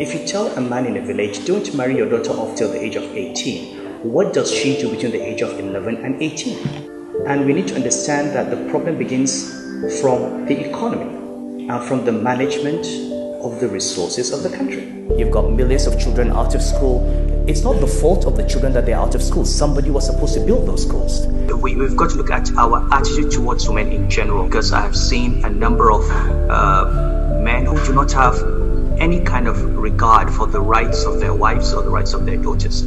If you tell a man in a village, don't marry your daughter off till the age of 18, what does she do between the age of 11 and 18? And we need to understand that the problem begins from the economy and from the management of the resources of the country. You've got millions of children out of school. It's not the fault of the children that they're out of school. Somebody was supposed to build those schools. We, have got to look at our attitude towards women in general because I have seen a number of uh, men who do not have any kind of regard for the rights of their wives or the rights of their daughters.